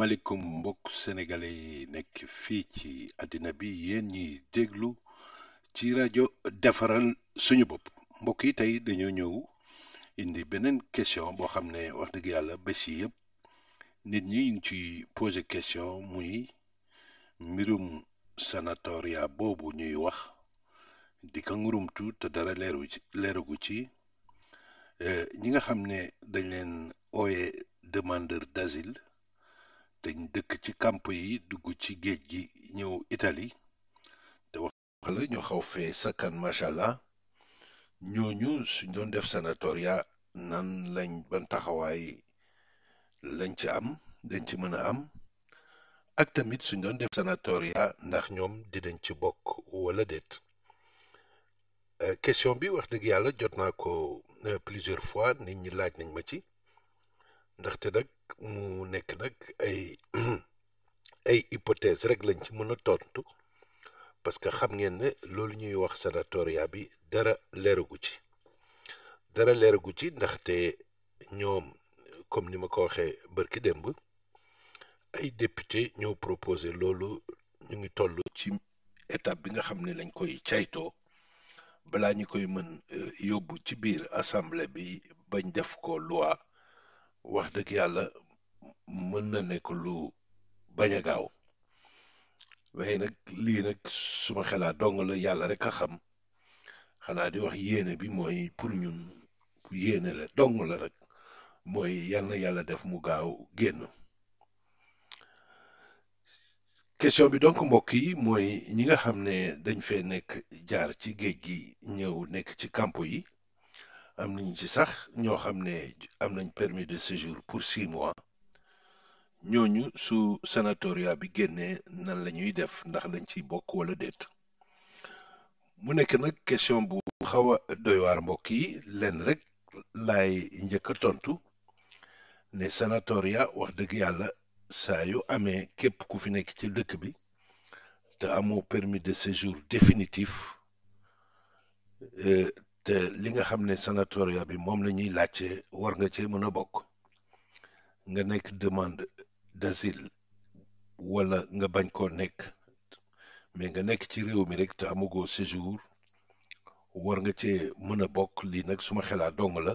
Malikum mbokk sénégalais nek fi ci adina bi yéen ñi déglu ci radio défaral suñu bop mbokk yi tay dañu ñëw indi benen question bo xamné wax dëgg yalla bés yi yëpp nit ñi ngi ci poser question muy mirum sanatoria boobu ñuy wax di Kangourou te dara leeru ci leeragu ci eh, ñi nga xam ne dañ leen ooye demander d'asile dañ dëkk ci camp yi dugg ci géej gi ñëw itali te wax la xaw fee sakkan macha allah ñooñu suñ doon def sanatoria nan lañ ban taxawaay lañ ci am dañ ci mën a am ak tamit suñ doon def sanatoria ndax ñoom di dañ ci bokk wala déet. Euh, question bi wax dëgg yàlla jot naa ko euh, plusieurs fois nit ñi laaj nañ ma ci ndaxte nag mu nekk nag ay ay hypothèse rek lañ ci mën a tontu parce que xam ngeen ne loolu ñuy wax sanatoria bi dara leeragu ci dara leeragu ci ndaxte ñoom comme ni ma ko waxee bërki démb ay député ñoo proposé loolu ñu ngi toll ci étape bi nga xam ne lañ koy caytoo balaa ñu koy mën euh, yóbbu ci biir assemblée bi bañ def ko loi wax dëgg yàlla mën na nekk lu bañ a gaaw waaye nag lii nag suma xelaat dong la yàlla rek a xam xalaa di wax yéene bi mooy pour ñun yéene la dong la rek mooy yal yàlla def mu gaaw génn question bi donc mbokk yi mooy ñi nga xam fait dañ fee jaar ci ci yi am nañ permis de séjour pour six mois ñooñu su sanatorium bi génnee nan nous def ndax dañ ci bokk wala mu question bu xaw doy mbokk yi rek laay tontu ne sanatoria sayo amé képp ku fi nekk ci dëkk bi permis de séjour définitif euh, li nga sanatoria bi moom la ñuy war nga a demande d'asile wala nga bañ koo nekk mais nga nekk ci réew mi rek séjour war nga a suma la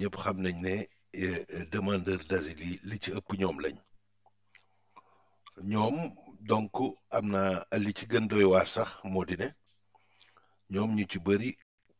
ñëpp xam nañ ne euh, euh, demandeur d'asile yi li ci ëpp ñoom lañ ñoom donc am na li ci gën doy waar sax moo di ne ñoom ñu ci bëri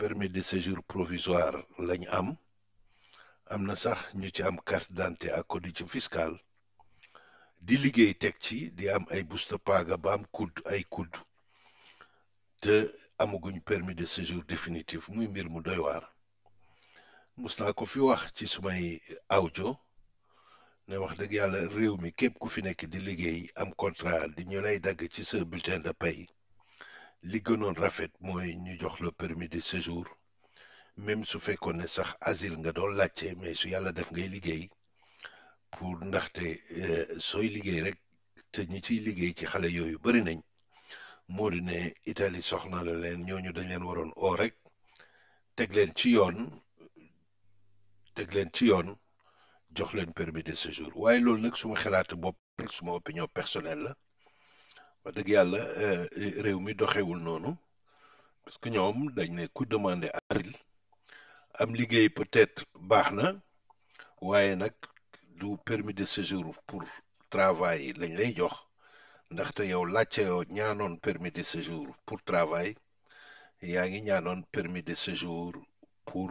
permis de séjour provisoire lañ am am na sax ñu ci am carte d'identité ak codice fiscal di liggéey teg ci di am ay busta paga ba am kudd ay kudd te amaguñ permis de séjour définitif muy mbir mu doy waar mus naa ko fi wax ci sumay audio ne wax dëgg yàlla réew mi képp ku fi nekk di liggéey am contrat di ñu lay dagg ci sa bulletin de paie li gënoon rafet mooy ñu jox la permis de séjour même su fekkoon ne sax asile nga doon laajte mais su yàlla def ngay liggéey pour ndaxte euh, sooy liggéey rek te ñi ciy liggéey ci xale yooyu bari nañ moo di ne Italie soxna la leen ñooñu dañ leen waroon oo rek teg leen ci yoon teg leen ci jox leen permis de séjour waaye loolu nag suma xalaatu bopp suma opinion personnelle la wax dëgg yàlla euh, réew mi doxewul noonu parce que ñoom dañ ne ku demander asile am liggéey peut-être baax na waaye nag du permis de séjour pour travail lañ lay jox ndaxte yow laajte yoo ñaanoon permis de séjour pour travail yaa ngi ñaanoon permis de séjour pour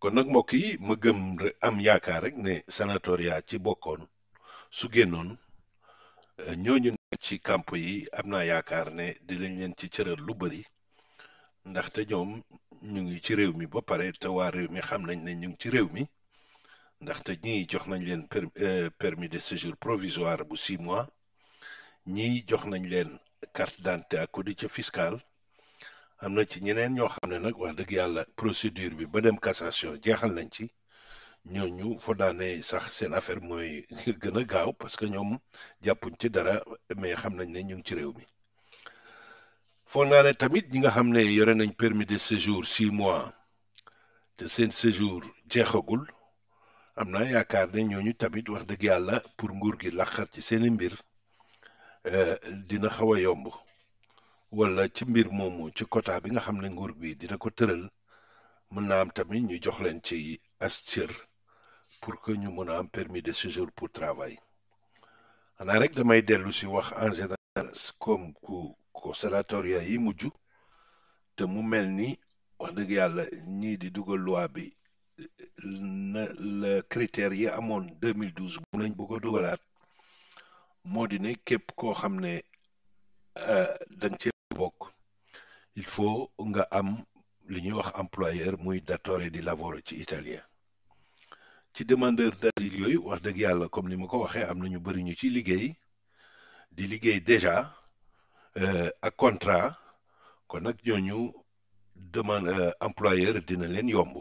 kon nag mbokk yi ma gëm am yaakaar rek ne sanatoria ci bokkoon su génnoon euh, ñooñu nekk ci camp yi am naa yaakaar ne dinañ leen ci cëral lu bëri ndaxte ñoom ñu ngi ci réew mi ba pare te waa réew mi xam nañ ne ñu ngi ci réew mi ndaxte ñii jox nañ leen euh, permis de séjour provisoire bu six mois ñii jox nañ leen carte d'identité ak codice fiscale am na ci ñeneen ñoo xam ne nag wax dëgg yàlla procédure bi ba dem cassation jeexal nañ ci ñooñu foo daanee sax seen affaire mooy gën a gaaw parce que ñoom jàppuñ ci dara mais xam nañ ne ñu ci réew mi. foo naa ne tamit ñi nga xam ne yore nañ permis de séjour six mois te seen séjour jeexagul am naa yaakaar ne ñooñu tamit wax dëgg yàlla pour nguur gi laqat ci seeni mbir euh, dina xaw a yomb. wala ci mbir moomu ci quota bi nga xam ne nguur bi dina ko tëral mën na am tamit ñu jox leen ci astir pour que ñu mën am permis de séjour pour travail xanaa rek damay dellu si wax en général comme ku ko yi mujj te mu mel ni wax dëgg yàlla ñii di dugal loi bi na critère yi 2012 mu lañ bëgg a dugalaat moo di ne képp koo xam euh, ci bok il faut nga am liñu wax employeur muy datore di lavoro ci italien ci demandeur d'asile yoy wax dëgg yalla comme ni ma ko waxee am nañu ñu ñu ci liggéey di liggéey déjà euh ak contrat kon nak ñooñu demande euh, employeur dina len yomb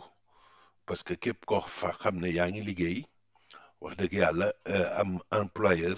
parce que kep ko fa xam ne yaa liggéey wax dëgg euh, am employeur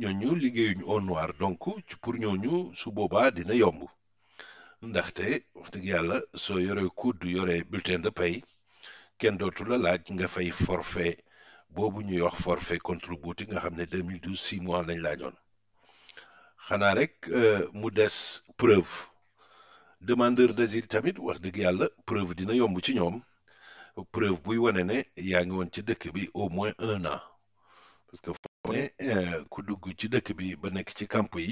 ñooñu liggéeyuñu au noir donc pour ñooñu su boobaa dina yomb ndaxte wax dëgg yàlla soo yore kudd yoree bulletin de pay kenn dootu la laaj nga fay forfait boobu ñuy wax forfait contributi nga xam ne 2012 six mois lañ laajoon xanaa rek euh, mu des preuve demandeur d'asile tamit wax dëgg yàlla preuve dina yomb ci ñoom preuve buy wone ne yaa ngi woon ci dëkk bi au moins un an ne eh, ku dugg ci dëkk bi ba nekk ci camp yi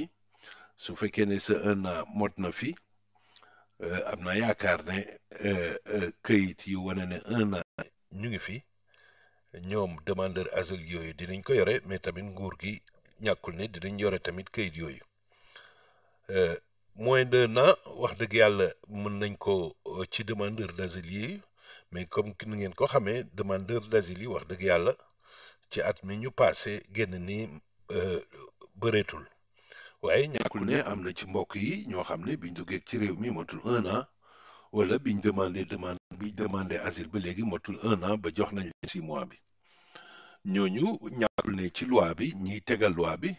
su fekkee ne sa un an na fi eh, am na yaakaar ne eh, këyit yi wane ne un ñu ngi fi ñoom demandeur asile yooyu dinañ ko yore mais tamit nguur gi ñàkkul ne dinañ yore tamit kayit yooyu mooy d'un an wax dëgg yàlla mën nañ ko ci demandeur d'asile yi mais comme ni ngeen ko xamee demandeur d'asile yi wax dëgg yàlla ci at mi ñu paase génn ni euh, bëreetul waaye ñàkkul ne am na ci mbokk yi ñoo xam ne biñ duggee ci réew mi motul un an wala biñ demandé demande biñ demandé asile ba léegi motul un an ba jox nañ leen six mois bi ñooñu ñàkkul ne ci loi bi ñiy tegal loi bi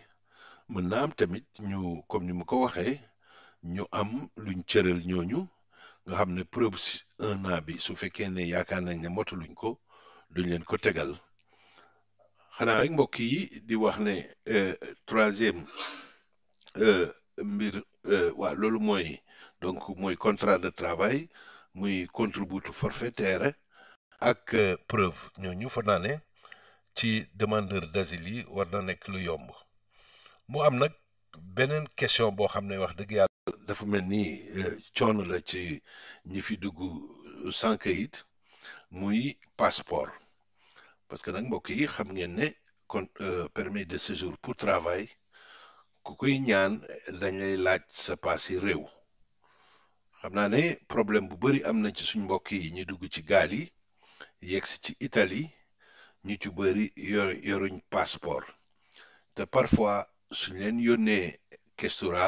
mën na am tamit ñu comme ni mu ko waxee ñu am luñ cëral ñooñu nga xam ne preuve un an bi su fekkee ne yaakaar nañ ne motuluñ ko duñ leen ko tegal xanaa rek mbokk yi di wax ne euh, troisième euh, mbir euh, waa loolu mooy donc mooy contrat de travail muy contribution forfaitaire ak preuve ñoo ñu fa naa ci demandeur d'asile yi war na nekk lu yomb mu am nag beneen question boo xam ne wax dëgg yàlla dafa mel ni coono la ci ñi fi dugg sans muy passeport parce que nag mbokk yi xam ngeen ne kon euh, permis de séjour pour travail ku koy ñaan dañ lay laaj sa paasi réew xam naa ne problème bu bari am na ci suñ mbokk yi ñu dugg ci gaal yi yegsi ci Italie ñu ci bari yor yoruñ passeport te parfois suñ leen yónnee questura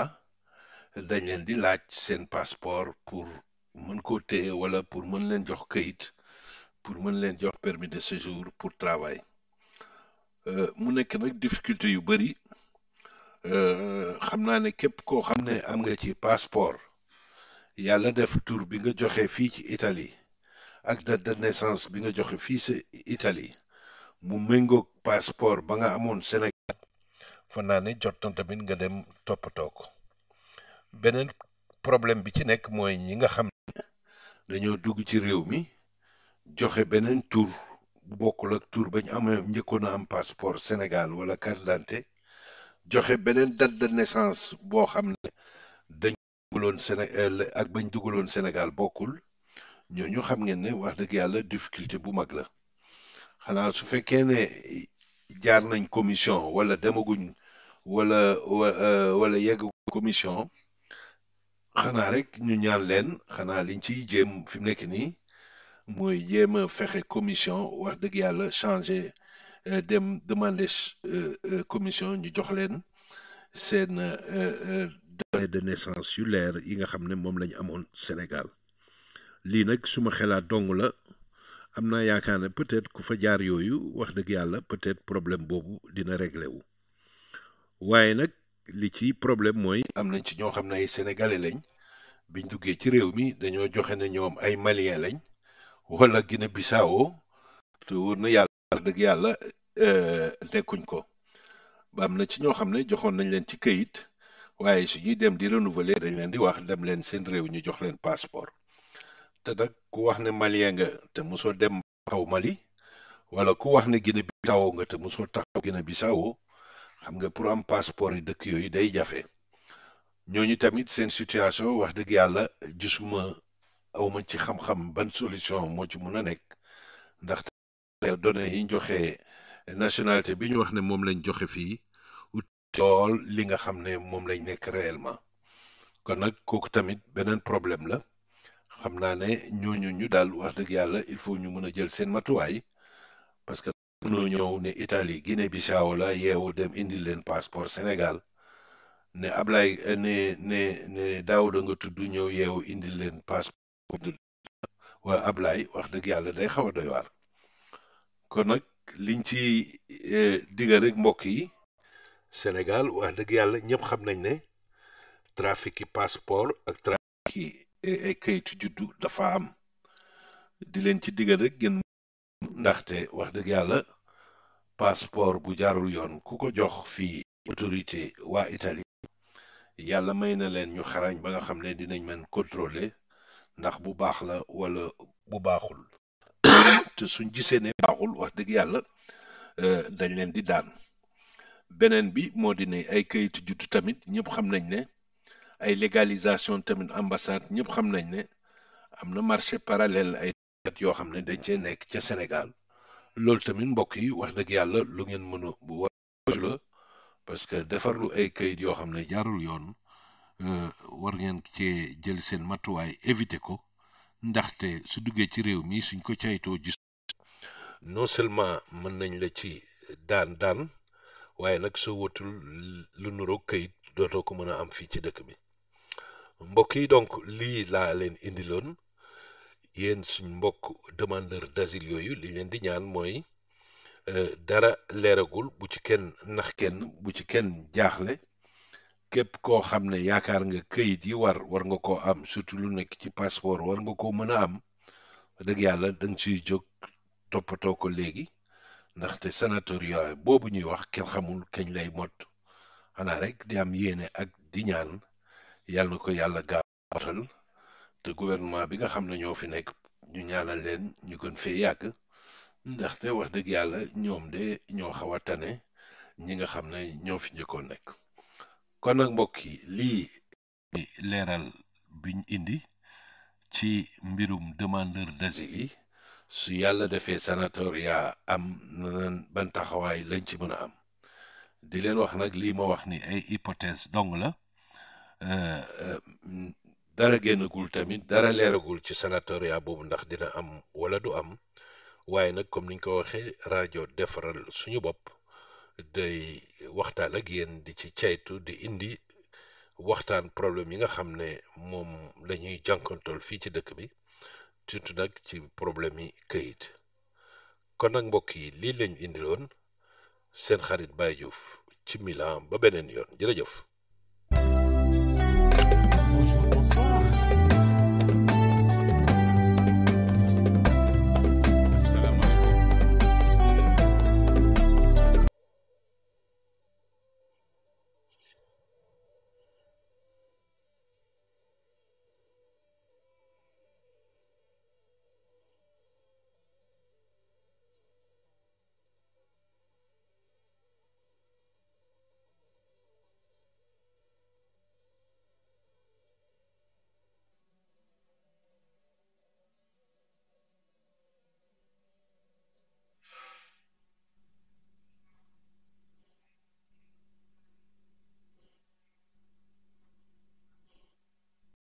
dañ leen di laaj seen passeport pour mën koo téye wala pour mën leen jox kayit pour mën leen jox permis de séjour pour travail euh, mu nekk nag difficulté yu bëri euh, xam naa ne képp koo xam ne am nga ci passeport yàlla def tur bi nga joxe fii ci Italie ak date de naissance bi nga joxe fii ci Italie mu méngoog passeport ba nga amoon Sénégal fan naa ne jot tamit nga dem toppatoo ko beneen problème bi ci nekk mooy ñi nga xam ne dañoo dugg ci réew mi joxe beneen tur bu bokkul ak tur bañ amee njëkkoon a am passeport Sénégal wala carte d'identité joxe beneen date naissance boo xam ne dañ dugaloon Sénégal euh, ak bañ dugaloon Sénégal bokkul ñooñu xam ngeen ne wax dëgg yàlla difficulté bu mag la xanaa su fekkee ne jaar nañ commission wala demaguñ wala euh, wala yegg commission xanaa rek ñu ñaan leen xanaa liñ ci jéem fi mu nekk nii moy yema fexé une commission wax changer euh, dem demander euh, euh, commission ñu jox de naissance yi nga la Sénégal li une... suma la amna peut-être ku fa jaar yoyu wax peut-être problème bobu, dina régler wu nak li ci problème une... amna ci ay sénégalais lañ biñ wala Guinée tu te wër na yàlla dëgg yàlla nekkuñ ko ba amna ci ñoo xam joxon nañ leen ci këyit waye su ñuy dem di renouveler dañ leen di wax dem leen seen réew ñu jox leen passeport te ku wax ne malien nga te dem taxaw Mali wala ku wax ne gina bisao nga te mosoo taxaw gina bisao xam nga pour am passeport yi dëkk yooyu day jafe ñoñu tamit seen situation wax dëgg yalla gisuma awma ci xam-xam ban solution moo ci mun a nekk ndax données yi ñu joxe nationalité bi ñu wax ne moom lañ joxe fii lool li nga xam ne moom lañ nekk réellement kon nag kooku tamit beneen problème la xam naa ne ñooñu ñu daal wax dëgg yàlla il faut ñu mën a jël seen matuwaay parce que mënoo ñëw ne Italie Guinée Bissau la yeewu dem indi leen passeport senegal ne Ablaye ne ne ne Daouda nga tudd ñëw yeewu indi leen passeport comme du waa wax dëgg yàlla day xaw a doy waar kon nag liñ ci e, digal rek mbokk yi Sénégal wax dëgg yàlla ñëpp xam nañ ne trafic yi passeport ak trafic yi ay e, e, kayitu juddu dafa am di leen ci diggal rek gën ndaxte wax dëgg yàlla passeport bu jaarul yoon ku ko jox fii autorité waa Italie yàlla may na leen ñu xarañ ba nga xam ne dinañ mën contrôler ndax bu baax la wala bu baaxul te suñ gisee ne baaxul wax dëgg yàlla euh, dañ leen di daan beneen bi ay tamit ñëpp xam nañ légalisation ambassade marché parallèle ay Sénégal mbokk yi wax dëgg lu parce que ay kayit yoo xam ne Euh, war ngeen cee jël seen matuwaay éviter ko ndaxte su duggee ci réew mi suñ ko caytoo gis non seulement mën nañ la ci daan daan waaye nag soo watul lu nuroog këyit dootoo ko mën a am fii ci dëkk bi mbokk yi donc lii laa leen indiloon yéen suñ mbokk demandeur d'asile yooyu li leen di ñaan mooy euh, dara leeragul bu ci kenn nax kenn bu ci kenn jaaxle képp koo xam ne yaakaar nga kayit yi war war nga koo am surtout lu nekk ci passeport war nga koo mën a am dëgg yàlla danga ciy jóg toppatoo ko léegi ndaxte sanatoria boobu ñuy wax kenn xamul kañ lay mot xanaa rek di am yéene ak di ñaan yàlla ko yàlla gaawatal te gouvernement bi nga xam ne ñoo fi nekk ñu ñaanal leen ñu gën fee yàgg ndaxte wax dëgg yàlla ñoom de ñoo xaw a tane ñi nga xam ne ñoo fi njëkkoon nekk. kon nag mbokk yi lii leeral biñ indi ci mbirum demandeur d'asile su yàlla defee sanatoria am nanan ban taxawaay lañ ci mën a am di leen wax nag lii ma wax ni ay hypothèse dong la euh, euh, dara génnagul tamit dara leeragul ci sanatoria boobu ndax dina am wala du am waaye nag comme niñ ko waxee rajo defaral suñu bopp day waxtaan ak yéen di ci caytu di indi waxtaan problème yi nga xam ne moom lañuy ñuy fii ci dëkk bi surtout nag ci problème yi këyit kon nag mbokk yi lii lañ indiloon seen xarit Baye Diouf ci Milan ba beneen yoon jërëjëf